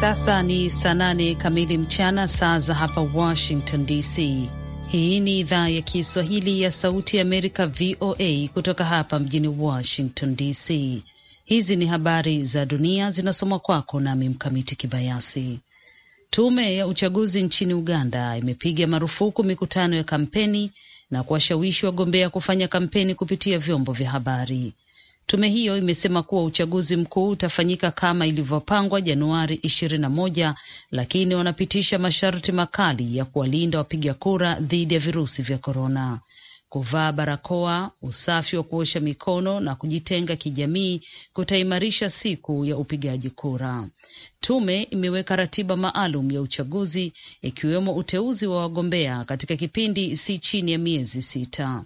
sasa ni saa nane kamili mchana saa za hapa Washington DC. Hii ni idhaa ya Kiswahili ya Sauti ya Amerika, VOA, kutoka hapa mjini Washington DC. Hizi ni habari za dunia zinasomwa kwako nami Mkamiti Kibayasi. Tume ya uchaguzi nchini Uganda imepiga marufuku mikutano ya kampeni na kuwashawishi wagombea kufanya kampeni kupitia vyombo vya habari. Tume hiyo imesema kuwa uchaguzi mkuu utafanyika kama ilivyopangwa Januari 21, lakini wanapitisha masharti makali ya kuwalinda wapiga kura dhidi ya virusi vya korona. Kuvaa barakoa, usafi wa kuosha mikono na kujitenga kijamii kutaimarisha siku ya upigaji kura. Tume imeweka ratiba maalum ya uchaguzi, ikiwemo uteuzi wa wagombea katika kipindi si chini ya miezi sita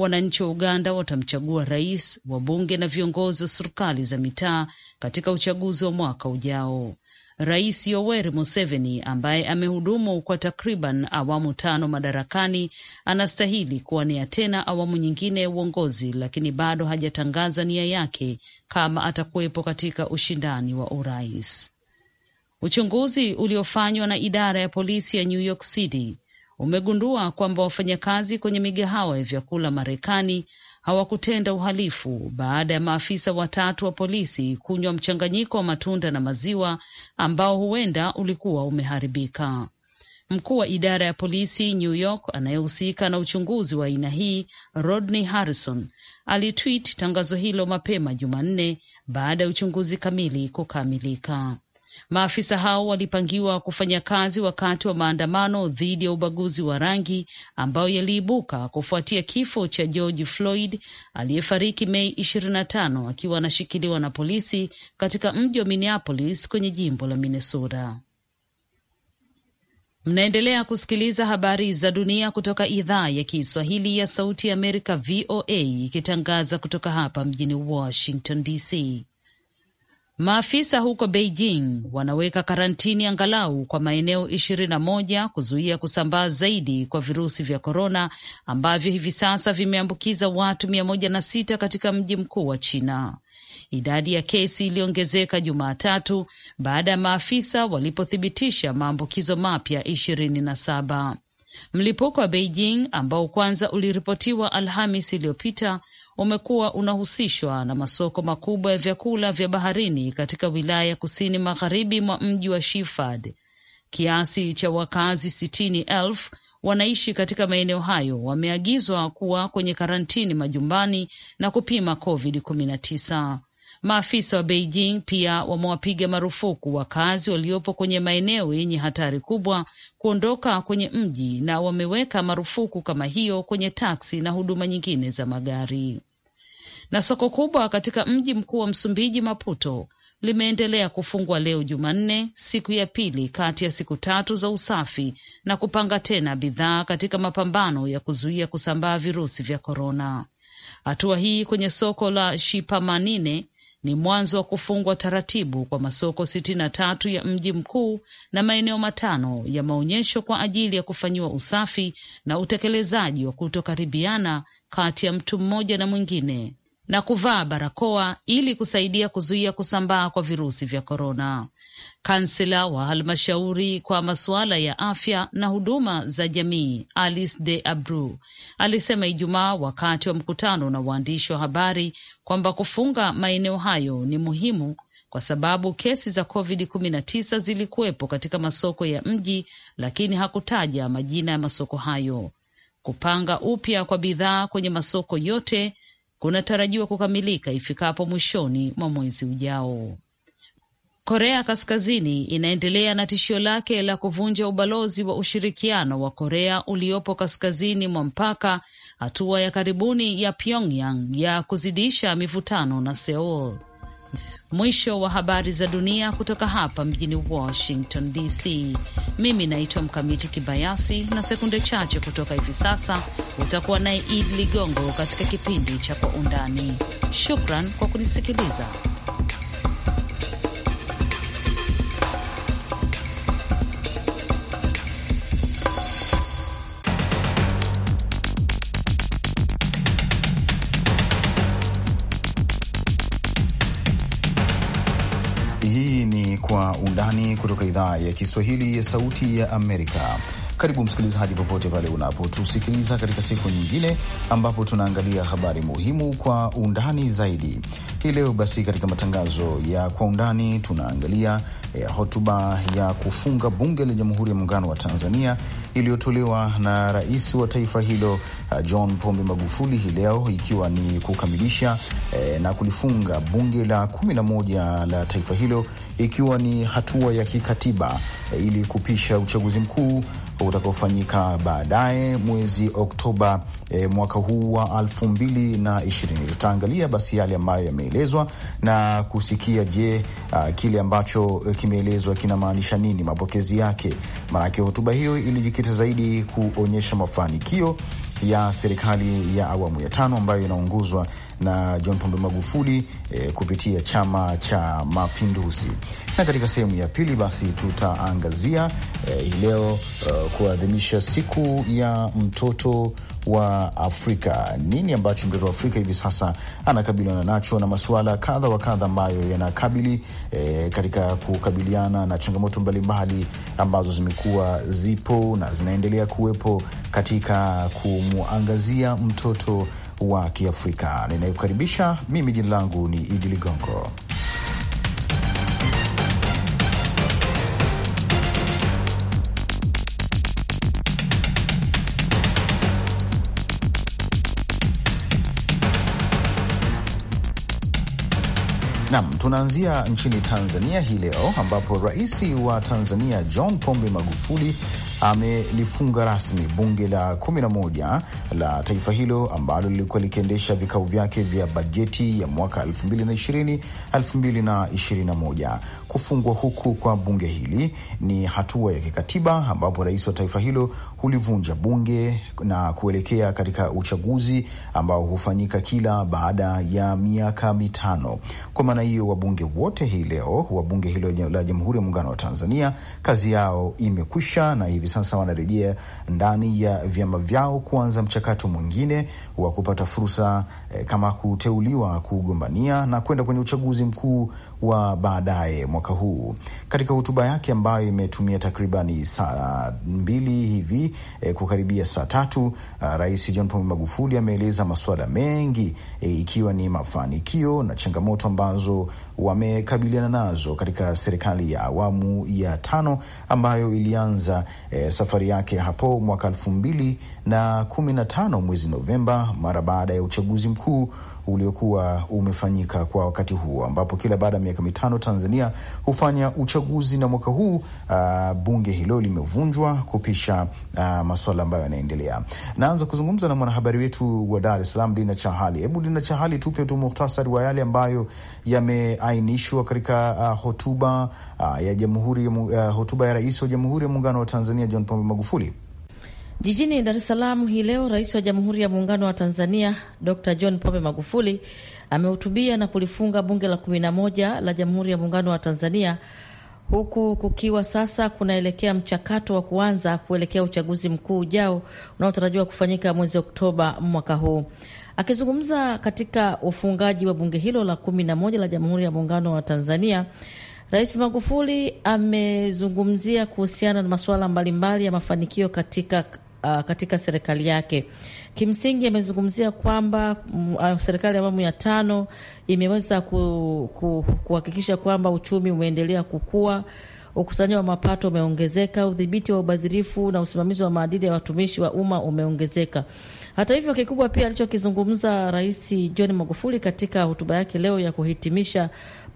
wananchi wa Uganda watamchagua rais, wabunge na viongozi wa serikali za mitaa katika uchaguzi wa mwaka ujao. Rais Yoweri Museveni ambaye amehudumu kwa takriban awamu tano madarakani anastahili kuwania tena awamu nyingine ya uongozi, lakini bado hajatangaza nia yake kama atakuwepo katika ushindani wa urais. Uchunguzi uliofanywa na idara ya polisi ya New York City umegundua kwamba wafanyakazi kwenye migahawa ya vyakula Marekani hawakutenda uhalifu baada ya maafisa watatu wa polisi kunywa mchanganyiko wa matunda na maziwa ambao huenda ulikuwa umeharibika. Mkuu wa idara ya polisi New York anayehusika na uchunguzi wa aina hii Rodney Harrison alitwit tangazo hilo mapema Jumanne baada ya uchunguzi kamili kukamilika. Maafisa hao walipangiwa kufanya kazi wakati wa maandamano dhidi ya ubaguzi wa rangi ambayo yaliibuka kufuatia kifo cha George Floyd aliyefariki Mei 25 akiwa anashikiliwa na polisi katika mji wa Minneapolis kwenye jimbo la Minnesota. Mnaendelea kusikiliza habari za dunia kutoka idhaa ya Kiswahili ya Sauti ya Amerika, VOA, ikitangaza kutoka hapa mjini Washington DC. Maafisa huko Beijing wanaweka karantini angalau kwa maeneo ishirini na moja kuzuia kusambaa zaidi kwa virusi vya korona ambavyo hivi sasa vimeambukiza watu mia moja na sita katika mji mkuu wa China. Idadi ya kesi iliongezeka Jumatatu baada ya maafisa walipothibitisha maambukizo mapya ishirini na saba. Mlipuko wa Beijing ambao kwanza uliripotiwa Alhamis iliyopita umekuwa unahusishwa na masoko makubwa ya vyakula vya baharini katika wilaya ya kusini magharibi mwa mji wa Shifad. Kiasi cha wakazi sitini elfu wanaishi katika maeneo hayo wameagizwa kuwa kwenye karantini majumbani na kupima COVID-19. Maafisa wa Beijing pia wamewapiga marufuku wakazi waliopo kwenye maeneo yenye hatari kubwa kuondoka kwenye mji na wameweka marufuku kama hiyo kwenye taksi na huduma nyingine za magari na soko kubwa katika mji mkuu wa Msumbiji, Maputo, limeendelea kufungwa leo Jumanne, siku ya pili kati ya siku tatu za usafi na kupanga tena bidhaa katika mapambano ya kuzuia kusambaa virusi vya korona. Hatua hii kwenye soko la Shipamanine ni mwanzo wa kufungwa taratibu kwa masoko sitini na tatu ya mji mkuu na maeneo matano ya maonyesho kwa ajili ya kufanyiwa usafi na utekelezaji wa kutokaribiana kati ya mtu mmoja na mwingine na kuvaa barakoa ili kusaidia kuzuia kusambaa kwa virusi vya korona. Kansela wa halmashauri kwa masuala ya afya na huduma za jamii Alice de Abru alisema Ijumaa wakati wa mkutano na waandishi wa habari kwamba kufunga maeneo hayo ni muhimu kwa sababu kesi za COVID-19 zilikuwepo katika masoko ya mji, lakini hakutaja majina ya masoko hayo. Kupanga upya kwa bidhaa kwenye masoko yote kunatarajiwa kukamilika ifikapo mwishoni mwa mwezi ujao. Korea Kaskazini inaendelea na tishio lake la kuvunja ubalozi wa ushirikiano wa Korea uliopo kaskazini mwa mpaka, hatua ya karibuni ya Pyongyang ya kuzidisha mivutano na Seoul. Mwisho wa habari za dunia kutoka hapa mjini Washington DC. Mimi naitwa Mkamiti Kibayasi, na sekunde chache kutoka hivi sasa utakuwa naye Id Ligongo katika kipindi cha Kwa Undani. Shukran kwa kunisikiliza. ya Kiswahili ya Sauti ya Amerika. Karibu msikilizaji, popote pale unapotusikiliza katika siku nyingine ambapo tunaangalia habari muhimu kwa undani zaidi. Hii leo basi, katika matangazo ya kwa undani tunaangalia eh, hotuba ya kufunga bunge la Jamhuri ya Muungano wa Tanzania iliyotolewa na rais wa taifa hilo eh, John Pombe Magufuli hii leo ikiwa ni kukamilisha eh, na kulifunga bunge la kumi na moja la taifa hilo ikiwa ni hatua ya kikatiba eh, ili kupisha uchaguzi mkuu utakaofanyika baadaye mwezi Oktoba e, mwaka huu wa elfu mbili na ishirini. Tutaangalia basi yale ambayo yameelezwa na kusikia, je, uh, kile ambacho eh, kimeelezwa kinamaanisha nini, mapokezi yake, maanake hotuba hiyo ilijikita zaidi kuonyesha mafanikio ya serikali ya awamu ya tano ambayo inaongozwa na John Pombe Magufuli eh, kupitia Chama cha Mapinduzi. Na katika sehemu ya pili basi tutaangazia eh, hii leo uh, kuadhimisha siku ya mtoto wa Afrika. Nini ambacho mtoto wa Afrika hivi sasa anakabiliana nacho na masuala kadha wa kadha ambayo yanakabili e, katika kukabiliana na changamoto mbalimbali ambazo zimekuwa zipo na zinaendelea kuwepo katika kumwangazia mtoto wa Kiafrika. Ninayekukaribisha mimi, jina langu ni Idi Ligongo. Nam, tunaanzia nchini Tanzania hii leo ambapo rais wa Tanzania John Pombe Magufuli amelifunga rasmi bunge la 11 la taifa hilo ambalo lilikuwa likiendesha vikao vyake vya bajeti ya mwaka 2020 2021. Kufungwa huku kwa bunge hili ni hatua ya kikatiba ambapo rais wa taifa hilo hulivunja bunge na kuelekea katika uchaguzi ambao hufanyika kila baada ya miaka mitano. Kwa maana hiyo, wabunge wote hii leo wa bunge hilo la Jamhuri ya Muungano wa Tanzania kazi yao imekwisha, na hivi sasa wanarejea ndani ya vyama vyao kuanza mchakato mwingine wa kupata fursa eh, kama kuteuliwa kugombania na kwenda kwenye uchaguzi mkuu wa baadaye mwaka huu. Katika hotuba yake ambayo imetumia takribani saa mbili hivi e, kukaribia saa tatu, Rais John Pombe Magufuli ameeleza masuala mengi e, ikiwa ni mafanikio na changamoto ambazo wamekabiliana nazo katika serikali ya awamu ya tano ambayo ilianza e, safari yake hapo mwaka elfu mbili na kumi na tano mwezi Novemba mara baada ya uchaguzi mkuu uliokuwa umefanyika kwa wakati huo, ambapo kila baada ya miaka mitano Tanzania hufanya uchaguzi, na mwaka huu uh, bunge hilo limevunjwa kupisha uh, masuala ambayo yanaendelea. Naanza kuzungumza na mwanahabari wetu wa Dar es Salaam, Dina Chahali. Hebu Dina Chahali, tupe tu muhtasari wa yale ambayo yameainishwa katika uh, hotuba uh, ya jamhuri uh, hotuba ya Rais wa Jamhuri ya Muungano wa Tanzania John Pombe Magufuli. Jijini Dar es Salaam hii leo, Rais wa Jamhuri ya Muungano wa Tanzania Dr John Pombe Magufuli amehutubia na kulifunga Bunge la kumi na moja la Jamhuri ya Muungano wa Tanzania, huku kukiwa sasa kunaelekea mchakato wa kuanza kuelekea uchaguzi mkuu ujao unaotarajiwa kufanyika mwezi Oktoba mwaka huu. Akizungumza katika ufungaji wa bunge hilo la kumi na moja la Jamhuri ya Muungano wa Tanzania, Rais Magufuli amezungumzia kuhusiana na masuala mbalimbali ya mafanikio katika uh, katika serikali yake. Kimsingi amezungumzia kwamba mm, uh, serikali ya awamu ya tano imeweza ku, ku, kuhakikisha kwamba uchumi umeendelea kukua, ukusanyi wa mapato umeongezeka, udhibiti wa ubadhirifu na usimamizi wa maadili ya watumishi wa umma umeongezeka. Hata hivyo, kikubwa pia alichokizungumza Rais John Magufuli katika hotuba yake leo ya kuhitimisha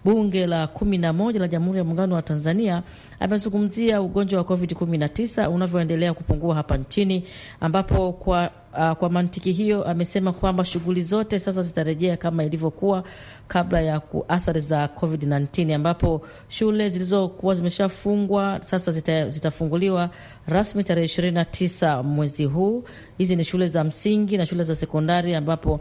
bunge la kumi na moja la Jamhuri ya Muungano wa Tanzania amezungumzia ugonjwa wa COVID-19 unavyoendelea kupungua hapa nchini ambapo kwa Uh, kwa mantiki hiyo amesema kwamba shughuli zote sasa zitarejea kama ilivyokuwa kabla ya athari za COVID-19, ambapo shule zilizokuwa zimeshafungwa sasa zita, zitafunguliwa rasmi tarehe 29 mwezi huu. Hizi ni shule za msingi na shule za sekondari, ambapo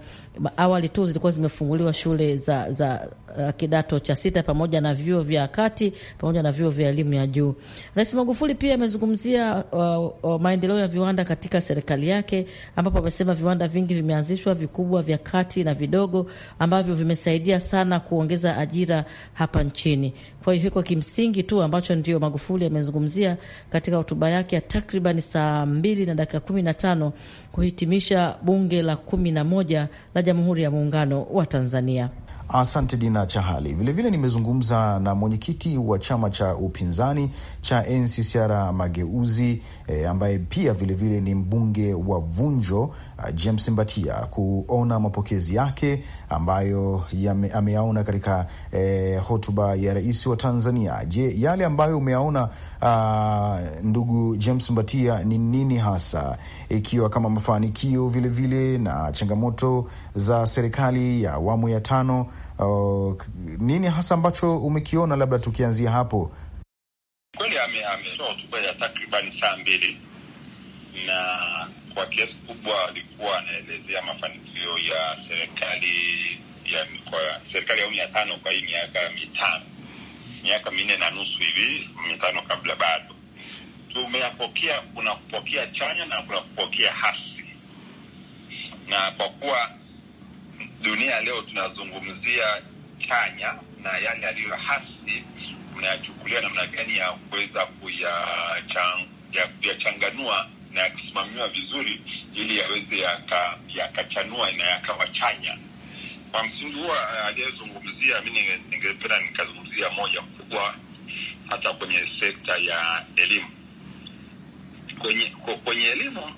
awali tu zilikuwa zimefunguliwa shule za, za uh, kidato cha sita pamoja na vyuo vya kati pamoja na vyuo vya elimu ya juu. Rais Magufuli pia amezungumzia uh, uh, maendeleo ya viwanda katika serikali yake ambapo amesema viwanda vingi vimeanzishwa vikubwa, vya kati na vidogo, ambavyo vimesaidia sana kuongeza ajira hapa nchini. Kwa hiyo hiko kimsingi tu ambacho ndio Magufuli amezungumzia katika hotuba yake ya takriban saa mbili na dakika kumi na tano kuhitimisha bunge la kumi na moja la Jamhuri ya Muungano wa Tanzania. Asante Dina Chahali. Vilevile nimezungumza na mwenyekiti wa chama cha upinzani cha NCCR Mageuzi e, ambaye pia vilevile ni mbunge wa Vunjo Ah, James Mbatia kuona mapokezi yake ambayo yame, ameyaona katika eh, hotuba ya rais wa Tanzania. Je, yale ambayo umeyaona uh, ndugu James Mbatia ni nini hasa, ikiwa kama mafanikio vilevile na changamoto za serikali ya awamu ya tano? Uh, nini hasa ambacho umekiona, labda tukianzia hapo. Kweli ametoa hotuba ya takribani saa mbili na kwa kiasi kubwa alikuwa anaelezea mafanikio ya serikali ya kwa serikali ya awamu ya tano kwa hii miaka mitano miaka minne na nusu hivi mitano kabla bado tumeyapokea. Kuna kupokea chanya na kuna kupokea hasi, na kwa kuwa dunia leo tunazungumzia chanya na yale yaliyo hasi, mnayachukulia namna gani ya kuweza kuyachanganua na yakisimamiwa vizuri, ili yaweze yakachanua yaka na yakawa chanya. Kwa msingi huo eh, aliyezungumzia, mi ningependa nikazungumzia moja kubwa, hata kwenye sekta ya elimu. Kwenye, kwenye elimu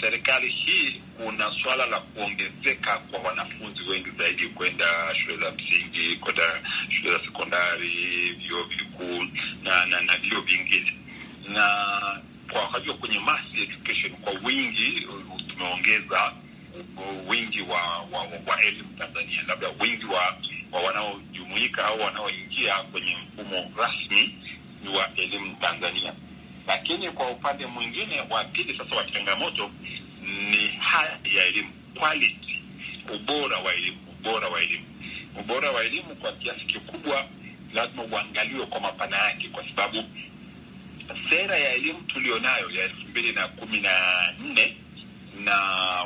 serikali hii kuna swala la kuongezeka kwa wanafunzi wengi zaidi kwenda shule za msingi, kwenda shule za sekondari, vyuo vikuu na na, vyuo vingine na kwa unajua, kwenye mass education kwa wingi tumeongeza uh, wingi wa wa, wa, wa elimu Tanzania, labda wingi wa, wa wanaojumuika au wanaoingia kwenye mfumo rasmi wa elimu Tanzania. Lakini kwa upande mwingine wa pili sasa wa changamoto ni hali ya elimu, quality, ubora wa elimu, ubora wa elimu, ubora wa elimu kwa kiasi kikubwa lazima uangaliwe kwa mapana yake, kwa sababu sera ya elimu tulionayo ya elfu mbili na kumi na nne na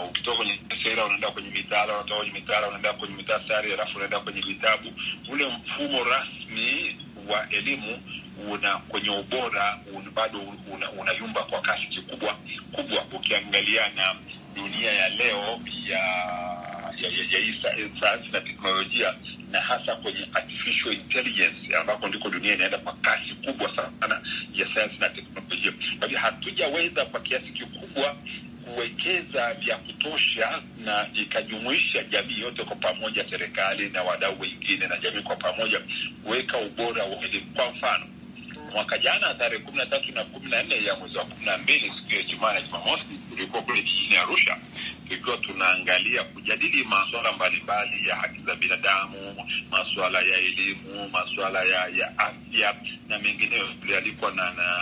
ukitoka kwenye sera unaenda kwenye mitaala, unatoka kwenye mitaala unaenda kwenye mitasari, halafu unaenda kwenye vitabu. Ule mfumo rasmi wa elimu una kwenye ubora un, bado unayumba una kwa kasi kikubwa kubwa, ukiangalia na dunia ya leo ya ya, ya, ya, ya sayansi na teknolojia na hasa kwenye artificial intelligence ambako ndiko dunia inaenda kwa kasi kubwa sana ya sayansi na teknolojia. Kwa hiyo hatujaweza kwa kiasi kikubwa kuwekeza vya kutosha na ikajumuisha jamii yote kwa pamoja, serikali na wadau wengine na jamii kwa pamoja, kuweka ubora wa elimu. Kwa mfano mwaka jana tarehe kumi na tatu na kumi na nne ya mwezi wa kumi na mbili siku ya Jumaa na Jumamosi, tulikuwa kule jijini Arusha tukiwa tunaangalia kujadili masuala mbalimbali ya haki za binadamu, masuala ya elimu, masuala ya, ya afya na mengineyo. Tulialikwa na, na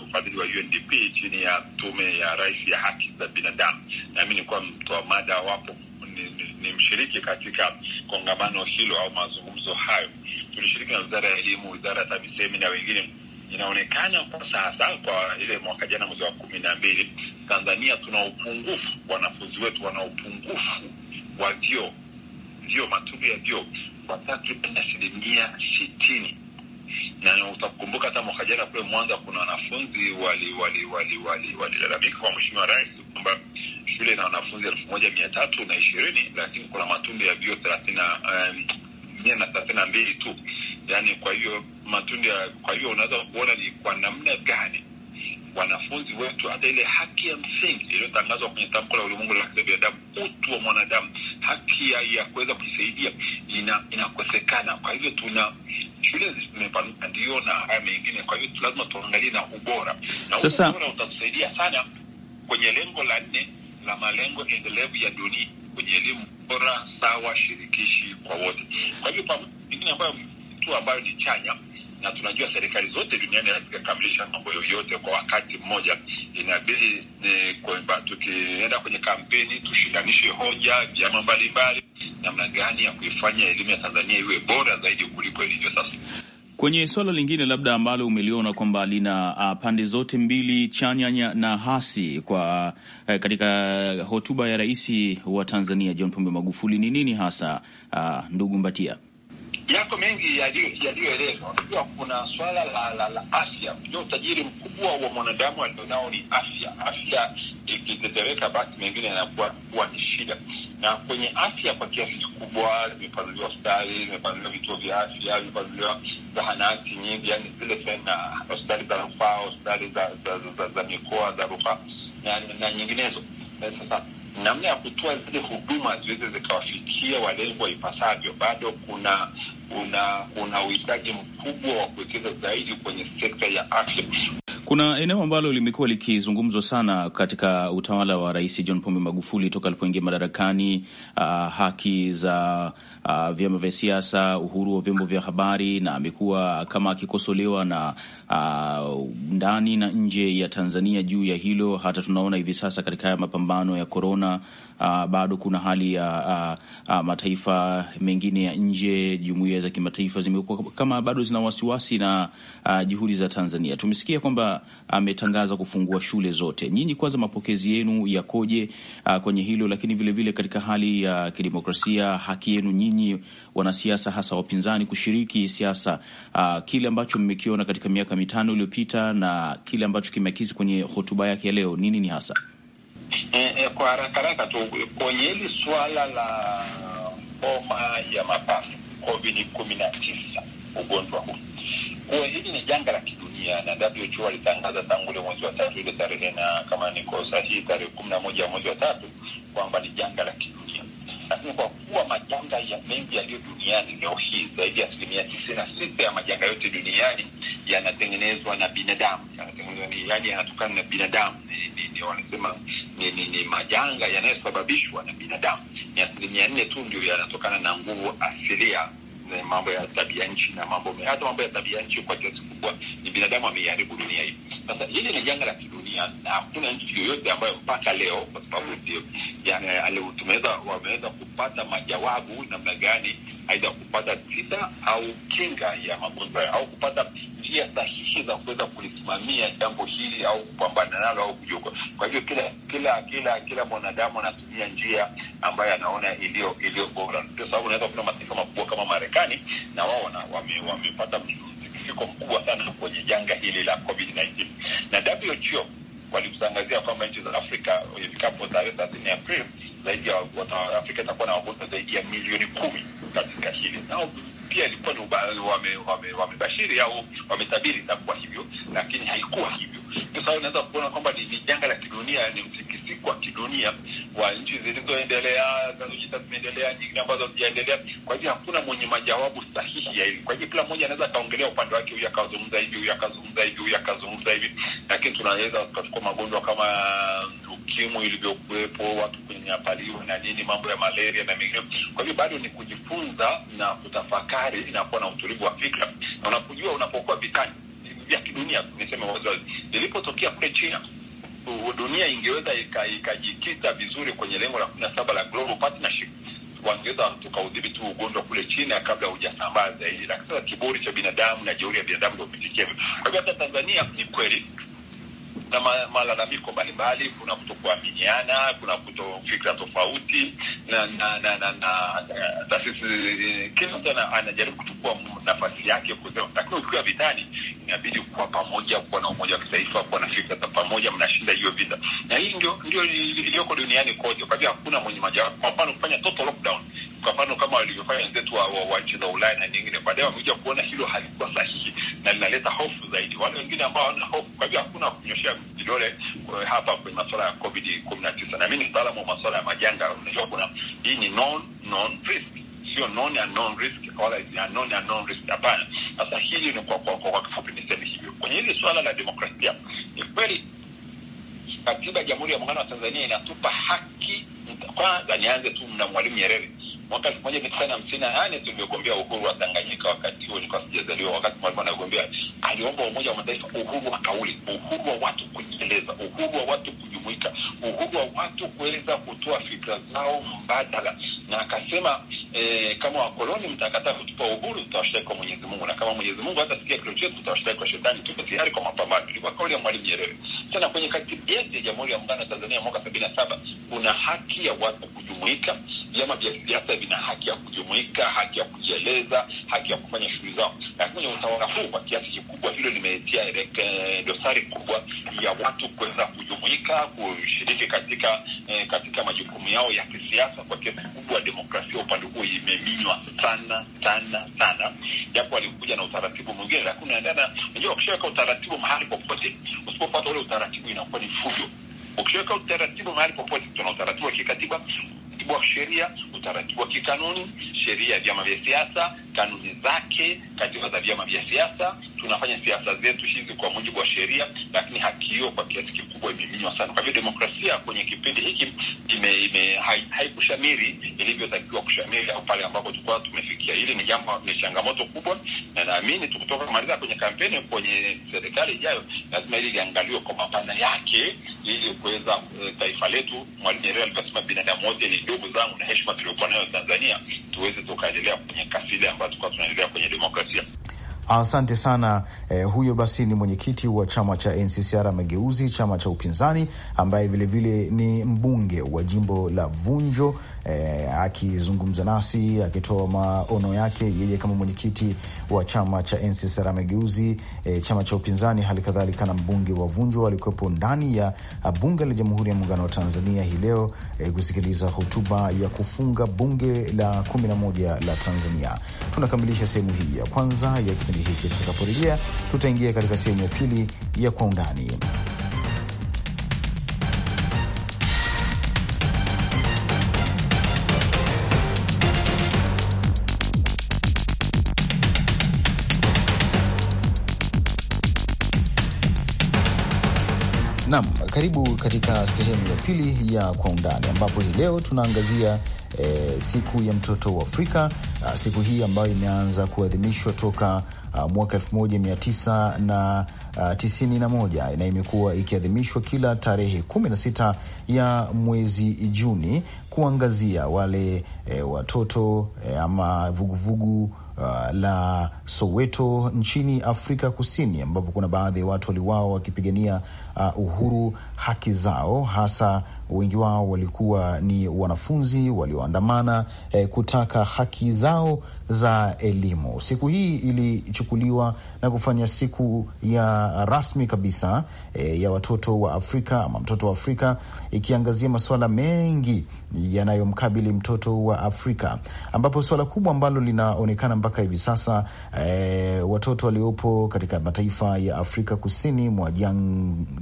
uh, ufadhili wa UNDP chini ya tume ya rais ya haki za binadamu, na nami nilikuwa mtoa mada wapo ni, ni, ni mshiriki katika kongamano hilo au mazungumzo hayo. Tulishiriki na wizara ya elimu, wizara ya TAMISEMI na wengine inaonekana kwa sasa, kwa ile mwaka jana mwezi wa kumi na mbili, Tanzania tuna upungufu, wanafunzi wetu wana upungufu wa vyo vyo matundu ya vyo kwa takriban asilimia sitini na utakumbuka hata mwaka jana kule Mwanza kuna wanafunzi walilalamika wali, wali, wali, wali, kwa Mheshimiwa Rais kwamba shule na wanafunzi elfu moja mia tatu na ishirini lakini kuna matundu ya vyo vyoo eh, mia na thelathini na mbili tu, Yani, kwa hiyo matunda. Kwa hiyo unaweza kuona ni kwa namna gani wanafunzi wetu hata ile haki ya msingi iliyotangazwa kwenye tamko la ulimwengu la haki za binadamu, utu wa mwanadamu, haki ya, ya kuweza kujisaidia ina, inakosekana. Kwa hivyo tuna shule zimepanuka ndio, na haya mengine. Kwa hivyo lazima tuangalie na ubora, na sasa ubora utatusaidia sana kwenye lengo la nne la malengo endelevu ya dunia kwenye elimu bora, sawa, shirikishi kwa wote. Kwa hivyo ingine ambayo mtu ambayo ni chanya na tunajua serikali zote duniani hazikakamilisha mambo yoyote kwa wakati mmoja. Inabidi ni kwamba tukienda kwenye kampeni tushikanishe hoja, vyama mbalimbali, namna gani ya kuifanya elimu ya Tanzania iwe bora zaidi kuliko ilivyo sasa. Kwenye suala lingine labda ambalo umeliona kwamba lina uh, pande zote mbili chanya na hasi kwa uh, katika hotuba ya Rais wa Tanzania John Pombe Magufuli ni nini hasa, uh, ndugu Mbatia? yako mengi yaliyoelezwa. Unajua, kuna swala la, la, la afya. Unajua, utajiri mkubwa wa mwanadamu alionao ni afya. Afya ikitetereka, basi mengine yanakuwa kuwa ni shida, na kwenye afya kwa kiasi kikubwa limepanuliwa hospitali, limepanuliwa vituo vya afya, limepanuliwa zahanati nyingi, yani zile tena hospitali za rufaa, hospitali za za mikoa za rufaa na, na nyinginezo. Eh, sasa namna ya kutoa zile huduma ziweze zikawafikia walengwa ipasavyo, bado kuna una, una uhitaji mkubwa wa kuwekeza zaidi kwenye sekta ya afya. Kuna eneo ambalo limekuwa likizungumzwa sana katika utawala wa Rais John Pombe Magufuli toka alipoingia madarakani, uh, haki za uh, vyama vya siasa, uhuru wa vyombo vya habari, na amekuwa kama akikosolewa na uh, ndani na nje ya Tanzania juu ya hilo. Hata tunaona hivi sasa katika haya mapambano ya korona Uh, ah, bado kuna hali ya uh, uh, uh, mataifa mengine ya nje, jumuiya za kimataifa zimekuwa kama bado zina wasiwasi na uh, juhudi za Tanzania. Tumesikia kwamba ametangaza uh, kufungua shule zote. Nyinyi kwanza, mapokezi yenu yakoje uh, kwenye hilo, lakini vilevile vile katika hali ya uh, kidemokrasia, haki yenu nyinyi nyinyi wanasiasa, hasa wapinzani, kushiriki siasa, uh, kile ambacho mmekiona katika miaka mitano iliyopita na kile ambacho kimeakisi kwenye hotuba yake ya leo, nini ni hasa? Eh, eh, kwa haraka haraka tu kwenye hili suala la homa ya mapafu COVID kumi na tisa, ugonjwa huu kuwa hili ni janga la kidunia na WHO walitangaza tangu ule mwezi wa tatu ile tarehe, na kama niko sahihi, tarehe kumi na moja ya mwezi wa tatu kwamba ni janga la kidunia lakini kwa kuwa majanga ya mengi yaliyo duniani leo hii, zaidi ya asilimia tisini na sita ya majanga yote duniani yanatengenezwa na binadamu, yanatengenezwa ni yani, yanatokana na binadamu, ni, ni, wanasema ni, ni, ni majanga yanayosababishwa na binadamu. Ni asilimia nne tu ndio yanatokana na nguvu asilia mambo ya tabia nchi na mambo hata mambo ya tabia nchi kwa kiasi kubwa ni binadamu ameharibu dunia hii. Sasa hili ni janga la kidu duniani na hakuna nchi yoyote ambayo mpaka leo, kwa sababu ndio yani wameweza kupata majawabu namna gani, aidha kupata tiba au kinga ya magonjwa au kupata njia sahihi za kuweza kulisimamia jambo hili au kupambana nalo au kujuka. Kwa hivyo kila kila kila kila mwanadamu anatumia njia ambayo anaona iliyo iliyo bora. Ndio sababu unaweza kuna mataifa makubwa kama Marekani na wao wamepata wame mtikisiko mkubwa sana kwenye janga hili la COVID-19 na WHO walikutangazia kwamba nchi za Afrika ifikapo tarehe thelathini April zaidi ya Afrika itakuwa na wagonjwa zaidi ya milioni kumi katika hili nao pia ilikuwa ni wamebashiri wame, wame au wametabiri itakuwa hivyo, lakini haikuwa hivyo. sababu unaweza kuona kwamba ni janga la kidunia, ni mtikisiko wa kidunia wa nchi zilizoendelea zinazojiita zimeendelea, nyingine ambazo hazijaendelea. Kwa hivyo hakuna mwenye majawabu sahihi ya hili. Kwa hivyo kila mmoja anaweza akaongelea upande wake, huyu akazungumza hivi, huyu akazungumza hivi, huyu akazungumza hivi, lakini tunaweza tukachukua magonjwa kama um, ukimwi ilivyokuwepo, watu kunyanyapaliwa na nini, mambo ya malaria na mengine. Kwa hivyo bado ni kujifunza na kutafakari na kuwa na utulivu wa fikra, na unapojua unapokuwa vitani vya kidunia, niseme wazazi, nilipotokea kule China dunia ingeweza ikajikita vizuri kwenye lengo la kumi na saba la Global Partnership, wangeweza tukaudhibiti huu ugonjwa kule China kabla hujasambaa zaidi, lakini sasa kiburi cha binadamu na jeuri ya binadamu ndio kupitikia. Kwa hivyo hata Tanzania ni kweli kuna malalamiko mbalimbali, kuna kutokuaminiana, kuna kutofikra tofauti na na na na taasisi. Kila mtu anajaribu kuchukua nafasi yake, lakini ukiwa vitani inabidi kuwa pamoja, kuwa na umoja wa kitaifa, kuwa na fikra za pamoja, mnashinda hiyo vita, na hii ndio ndio iliyoko duniani kote. Kwa hivyo hakuna mwenye majawabu. kwa mfano kufanya total lockdown kwa mfano kama walivyofanya wenzetu wa nchi za Ulaya na nyingine, baadaye wamekuja kuona hilo halikuwa sahihi na linaleta hofu zaidi wale wengine ambao hawana hofu. Kwa hivyo hakuna kunyoshea vidole eh, hapa kwenye masuala ya COVID 19, na mimi ni mtaalamu wa masuala ya majanga. Unajua kuna hii ni non non risk sio non ya non risk wala ya non ya non risk, hapana. Sasa hili ni kwa, kwa, kwa, kwa kifupi niseme hivyo. Kwenye hili swala la demokrasia, ni kweli katiba ya Jamhuri ya Muungano wa Tanzania inatupa haki. Kwanza nianze tu na Mwalimu Nyerere mwaka elfu moja mia tisa na hamsini na nane tuliogombea uhuru wa Tanganyika. Wakati huo nilikuwa sijazaliwa, wakati Mwalimu anagombea aliomba Umoja wa Mataifa uhuru wa kauli, uhuru wa watu kujieleza, uhuru wa watu kujumuika, uhuru wa watu kuweza kutoa fikra zao mbadala, na akasema e, kama wakoloni mtakataa kutupa uhuru, tutawashtaki kwa Mwenyezi Mungu, na kama Mwenyezi Mungu sikia kilio chetu, tutawashtaki kwa Shetani. Tuko tayari kwa mapambano. Ilikuwa kauli ya Mwalimu Nyerere. Tena kwenye katiba yetu ya Jamhuri ya Muungano wa Tanzania mwaka sabini na saba kuna haki ya watu kujumuika vyama vya siasa vina haki ya kujumuika, haki ya kujieleza, haki ya kufanya shughuli zao. Lakini kwenye utawala huu kwa kiasi kikubwa hilo limetia eh, dosari kubwa ya watu kuweza kujumuika, kushiriki katika eh, katika majukumu yao ya kisiasa. Kwa kiasi kikubwa demokrasia upande huo imeminywa sana sana sana, japo alikuja na utaratibu mwingine, lakini unaendana, unajua, ukishaweka utaratibu mahali popote, usipopata ule utaratibu inakuwa ni fujo. Ukishaweka utaratibu mahali popote, tuna utaratibu wa kikatiba utaratibu wa sheria, utaratibu wa kikanuni, sheria ya vyama vya siasa, kanuni zake, katiba za vyama vya siasa tunafanya siasa zetu hizi kwa mujibu wa sheria, lakini haki hiyo kwa kiasi kikubwa imeminywa sana. Kwa hivyo demokrasia kwenye kipindi hiki haikushamiri hai ilivyotakiwa kushamiri au pale ambapo tulikuwa tumefikia. Hili ni jambo, ni changamoto kubwa, na naamini tukitoka kumaliza kwenye kampeni, kwenye serikali ijayo, lazima hili liangaliwe kwa mapana yake, ili kuweza eh, taifa letu. Mwalimu Nyerere alivyosema, binadamu wote ni ndugu zangu, na heshima tuliokuwa nayo Tanzania tuweze tukaendelea kwenye kasile ambayo tulikuwa tunaendelea kwenye demokrasia. Asante sana eh, huyo basi ni mwenyekiti wa chama cha NCCR Mageuzi, chama cha upinzani ambaye vilevile vile ni mbunge wa jimbo la Vunjo eh, akizungumza nasi akitoa maono yake yeye kama mwenyekiti wa chama cha NCCR Mageuzi, eh, chama cha upinzani, hali kadhalika na mbunge wa Vunjwa alikuwepo ndani ya bunge la Jamhuri ya Muungano wa Tanzania hii leo eh, kusikiliza hotuba ya kufunga bunge la 11 la Tanzania. Tunakamilisha sehemu hii ya kwanza ya kipindi hiki. Tutakaporejea tutaingia katika sehemu ya pili ya kwa undani. Karibu katika sehemu ya pili ya Kwa Undani, ambapo hii leo tunaangazia e, siku ya mtoto wa Afrika a, ah, siku hii ambayo imeanza kuadhimishwa toka a, ah, mwaka elfu moja mia tisa na ah, tisini na moja na imekuwa ikiadhimishwa kila tarehe kumi na sita ya mwezi Juni kuangazia wale e, watoto e, ama vuguvugu vugu, Uh, la Soweto nchini Afrika Kusini, ambapo kuna baadhi ya watu waliwao wakipigania uh, uhuru, haki zao, hasa wengi wao walikuwa ni wanafunzi walioandamana eh, kutaka haki zao za elimu. Siku hii ilichukuliwa na kufanya siku ya rasmi kabisa eh, ya watoto wa Afrika ama mtoto wa Afrika, ikiangazia masuala mengi yanayomkabili mtoto wa Afrika, ambapo suala kubwa ambalo linaonekana mpaka hivi sasa e, watoto waliopo katika mataifa ya Afrika kusini mwa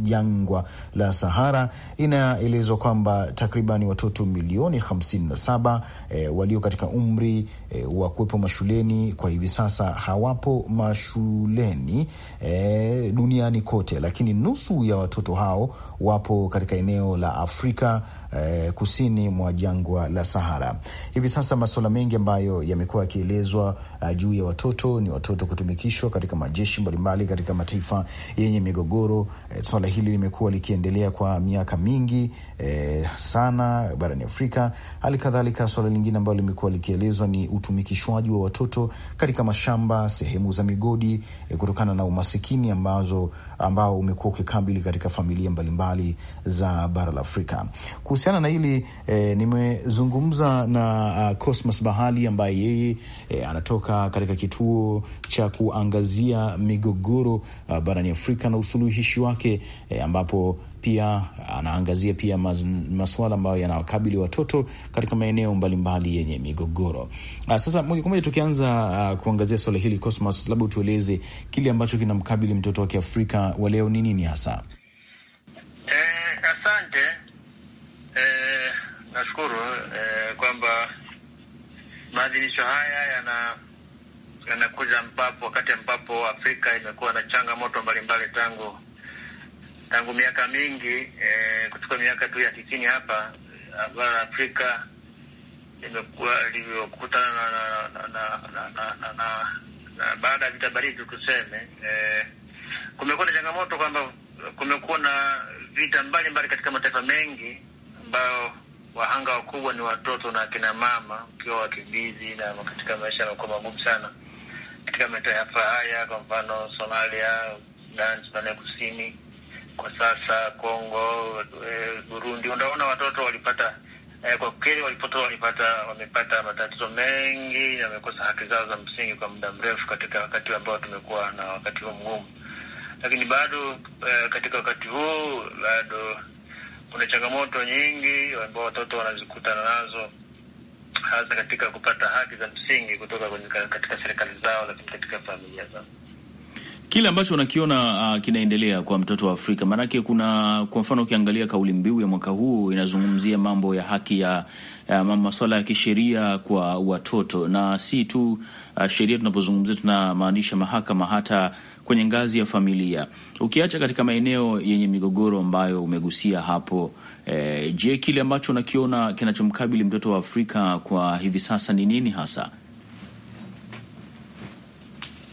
jangwa la Sahara. Inaelezwa kwamba takriban watoto milioni 57 e, eh, walio katika umri e, wa kuwepo mashuleni kwa hivi sasa hawapo mashuleni e, duniani kote, lakini nusu ya watoto hao wapo katika eneo la Afrika eh, kusini mwa jangwa la Sahara. Hivi sasa masuala mengi ambayo yamekuwa yakielezwa uh, juu ya watoto ni watoto kutumikishwa katika majeshi mbalimbali katika mataifa yenye migogoro. Eh, swala hili limekuwa likiendelea kwa miaka mingi eh, sana barani Afrika. Hali kadhalika swala lingine ambalo limekuwa likielezwa ni utumikishwaji wa watoto katika mashamba, sehemu za migodi eh, kutokana na umasikini ambazo ambao umekuwa ukikabili katika familia mbalimbali mbali za bara la Afrika kuhusiana na hili e, nimezungumza na uh, Cosmas Bahali ambaye yeye e, anatoka katika kituo cha kuangazia migogoro uh, barani Afrika na usuluhishi wake e, ambapo pia anaangazia pia masuala ambayo yanawakabili watoto katika maeneo mbalimbali yenye migogoro. Ah, sasa moja kwa moja tukianza uh, kuangazia swala hili Cosmas, labda utueleze kile ambacho kinamkabili mtoto wa Kiafrika wa leo ni nini hasa? Eh, asante. Nashukuru eh, kwamba maadhimisho haya yana yanakuja ambapo wakati ambapo Afrika imekuwa na changamoto mbalimbali tangu tangu miaka mingi eh, kuchukua miaka tu ya tisini hapa bara Afrika imekuwa ilivyokutana na, na, na, na, na, na, na, na baada ya vita baridi tuseme, eh, kumekuwa na changamoto kwamba kumekuwa na vita mbalimbali mbali katika mataifa mengi ambayo wahanga wakubwa ni watoto na akina mama, ukiwa wakimbizi na katika maisha yanakuwa magumu sana katika mataifa haya, kwa mfano Somalia, Sudan, Sudani ya Kusini, kwa sasa Kongo, e, Burundi. Unaona watoto walipata e, kwa kweli walipoto walipata wamepata matatizo mengi, wamekosa haki zao za msingi kwa muda mrefu, katika wakati ambao tumekuwa na wakati huo mgumu, lakini bado e, katika wakati huu bado kuna changamoto nyingi ambao watoto wanazikutana nazo hasa katika kupata haki za msingi kutoka kwenye katika serikali zao, lakini katika familia zao kile ambacho unakiona uh, kinaendelea kwa mtoto wa Afrika. Maanake kuna kwa mfano, ukiangalia kauli mbiu ya mwaka huu inazungumzia mambo ya haki ya, ya masuala ya kisheria kwa watoto, na si tu uh, sheria tunapozungumzia tunamaanisha mahakama, hata kwenye ngazi ya familia, ukiacha katika maeneo yenye migogoro ambayo umegusia hapo. E, je, kile ambacho unakiona kinachomkabili mtoto wa Afrika kwa hivi sasa ni nini hasa?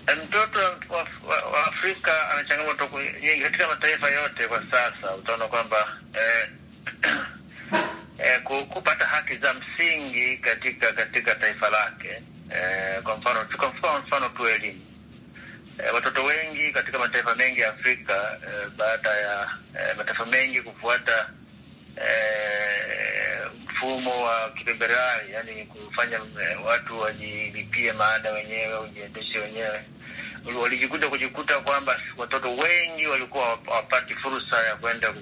Eh, mtoto wa, wa, wa Afrika ana changamoto nyingi katika mataifa yote kwa sasa. Utaona kwamba eh, eh, kupata haki za msingi katika katika taifa lake eh, kwa mfano tu elimu E, watoto wengi katika mataifa mengi ya Afrika e, baada ya e, mataifa mengi kufuata e, mfumo wa kibeberari, yani kufanya e, watu wajilipie maada wenyewe, wajiendeshe wenyewe, walijikuta kujikuta kwamba watoto wengi walikuwa hawapati fursa ya kwenda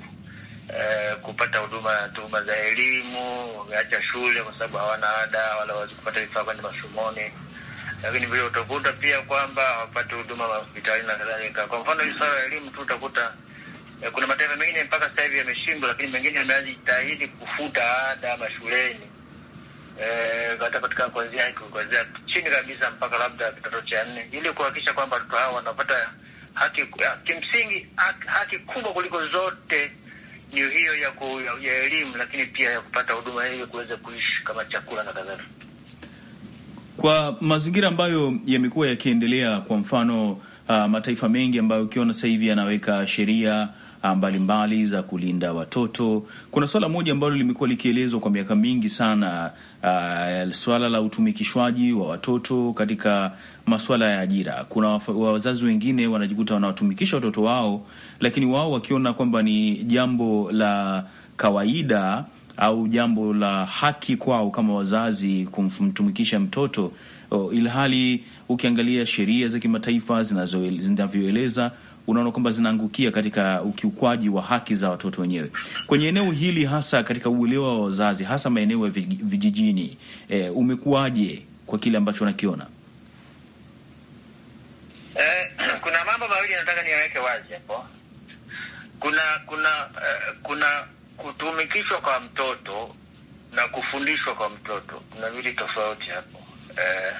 e, kupata huduma tuma za elimu, wameacha shule kwa sababu hawana ada wala wawezi kupata vifaa kwenda masomoni lakini vile utakuta pia kwamba hawapati huduma hospitali na kadhalika. Kwa mfano hii swala ya elimu tu utakuta eh, kuna mataifa mengine mpaka sasa hivi yameshindwa, lakini mengine yamejitahidi kufuta ada mashuleni eh, katika kuanzia kuanzia chini kabisa mpaka labda kitoto cha nne, ili kuhakikisha kwamba watoto hao wanapata haki kimsingi, haki, kubwa kuliko zote ni hiyo ya, elimu, lakini pia ya kupata huduma hiyo kuweza kuishi kama chakula na kadhalika kwa mazingira ambayo yamekuwa yakiendelea. Kwa mfano uh, mataifa mengi ambayo ukiona sasa hivi yanaweka sheria uh, mbalimbali za kulinda watoto. Kuna swala moja ambalo limekuwa likielezwa kwa miaka mingi sana, uh, swala la utumikishwaji wa watoto katika maswala ya ajira. Kuna wazazi wengine wanajikuta wanawatumikisha watoto wao, lakini wao wakiona kwamba ni jambo la kawaida au jambo la haki kwao kama wazazi kumtumikisha mtoto oh, ilhali ukiangalia sheria za kimataifa zinavyoeleza unaona kwamba zinaangukia katika ukiukwaji wa haki za watoto wenyewe kwenye eneo hili, hasa katika uelewa wa wazazi, hasa maeneo ya vijijini. E, umekuwaje kwa kile ambacho unakiona? Eh, kuna mambo mawili nataka niyaweke wazi hapo. Kuna kuna eh, kuna kutumikishwa kwa mtoto na kufundishwa kwa mtoto kuna vili tofauti hapo. Eh,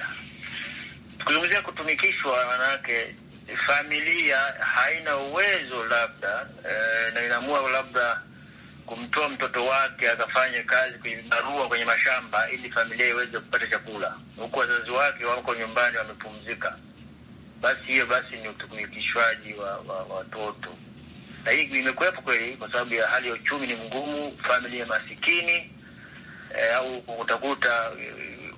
tukizungumzia kutumikishwa, manake eh, familia haina uwezo labda, eh, na inaamua labda kumtoa mtoto wake akafanye kazi kwenye barua kwenye mashamba ili familia iweze kupata chakula, huku wazazi wake wako nyumbani wamepumzika. Basi hiyo basi ni utumikishwaji wa watoto wa na hii imekuwepo kweli, kwa sababu ya hali ya uchumi ni mgumu, familia masikini e, au utakuta eh,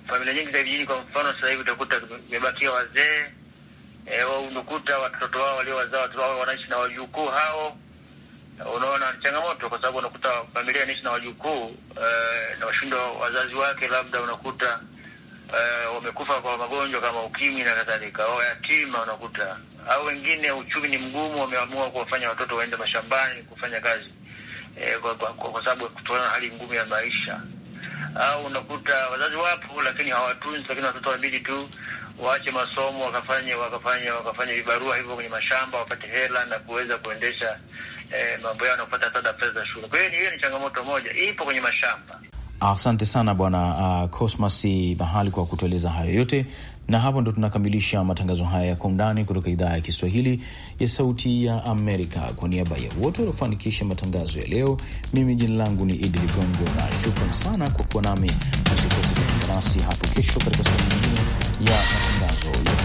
familia nyingi za vijijini, kwa mfano sasa hivi utakuta imebakia wazee e, unakuta watoto wao wazaa, watoto wao wanaishi na wajukuu hao. Unaona changamoto, kwa sababu unakuta familia anaishi na wajukuu e, na washindo wazazi wake, labda unakuta e, wamekufa kwa magonjwa kama ukimwi na kadhalika, wao yatima unakuta au wengine uchumi ni mgumu, wameamua kuwafanya watoto waende mashambani kufanya kazi e, kwa, kwa, kwa, kwa sababu kutokana na hali ngumu ya maisha. Au unakuta wazazi wapo, lakini hawatunzi, lakini watoto wabidi tu waache masomo wakafanye wakafanye wakafanye vibarua hivyo kwenye mashamba wapate hela na kuweza kuendesha e, mambo yao na kupata hata pesa za shule. Kwa hiyo hiyo ni changamoto moja ipo kwenye mashamba. Asante sana Bwana uh, Cosmas Bahali kwa kutueleza hayo yote, na hapo ndo tunakamilisha matangazo haya ya kwa undani kutoka idhaa ya Kiswahili ya Sauti ya Amerika. Kwa niaba ya wote waliofanikisha matangazo ya leo, mimi jina langu ni Idi Ligongo na shukran sana kwa kuwa nami. Msikose nasi hapo kesho katika sehemu nyingine ya matangazo ya